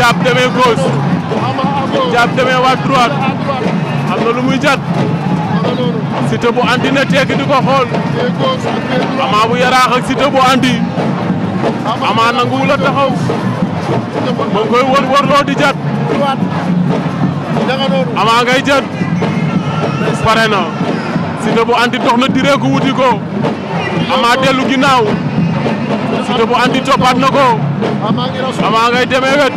jàpp demee gauche jàpp demee waa droite am na lu jat Siteu bu andi na tekki di ko xool bu yaraax ak bu andi Ama nanguwul a taxaw mu koy wër wërloo di jat Ama ngay jat pare na Siteu bu andi dox na direeku wuti ko Ama dellu ginnaaw Siteu bu andi toppaat na ko. Ama ngay demee wet.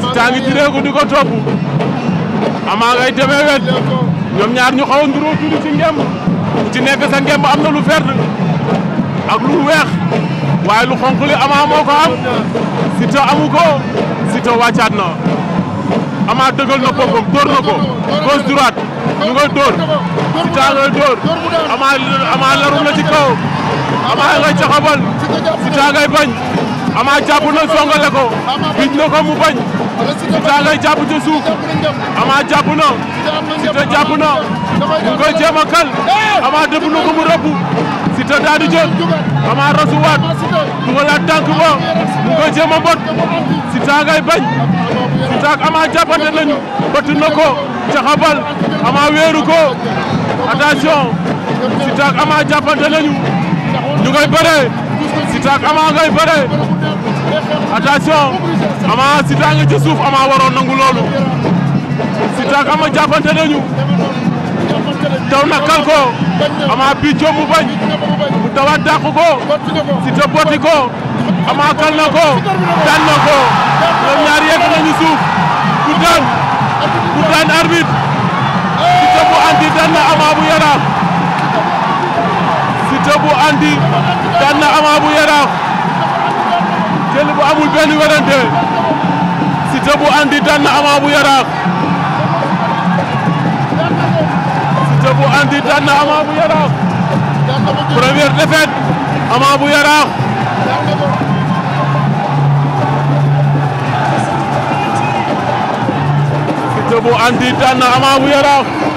Siteu ngi tiree di ko topp. Ama ngay demee wet. ñoom ñaar ñu xaw a nduroo ci ngemb. ku ci nekk sa ngemb am na lu vert ak lu weex waaye lu xonq li Ama moo ko am Siteu amu ko Siteu wàccaat na Ama dëgal na boppam dóor na ko gauche droite ñu ngay dóor Siteu ngay dóor Ama larum na ci kaw Ama ngay caxabal Siteu bañ Ama jàpp na songale ko na ko mu bañ Siteu ngay jàpp ci suuf na Siteu jàpp na mu koy jéem a kal Ama dëbb na ko mu rëbb Siteu daal di jël Ama rasuwaat dugalaat tànk ba mu koy jéem a bot Siteu bañ Siteu ak Ama jàppante nañu bëtt na ko caxabal Ama weeru ko attention Siteu ak Ama jàppante nañu koy bëree Siteu ak Ama ngay bëree attention Ama Siteu nga ci suuf Ama waroon nangu loolu Siteu ak Ama jàppante nañu daw na kal ko Ama bi jom mu bañ mu dawaat dàq ko Siteu ko Ama kal na ko daan na ko ñaar yegg nañu suuf ku daan ku daan arbitre Siteu bu andi daan na Ama bu Yaraax Siteu bu andi daan na Ama bu Yaraax jël bu amul benn werante Siteu bu andi daan na Ama bu Yaraax Siteu bu andi daan na Ama bu Yaraax première défaite Ama bu Yaraax Siteu bu andi daan na Ama bu Yaraax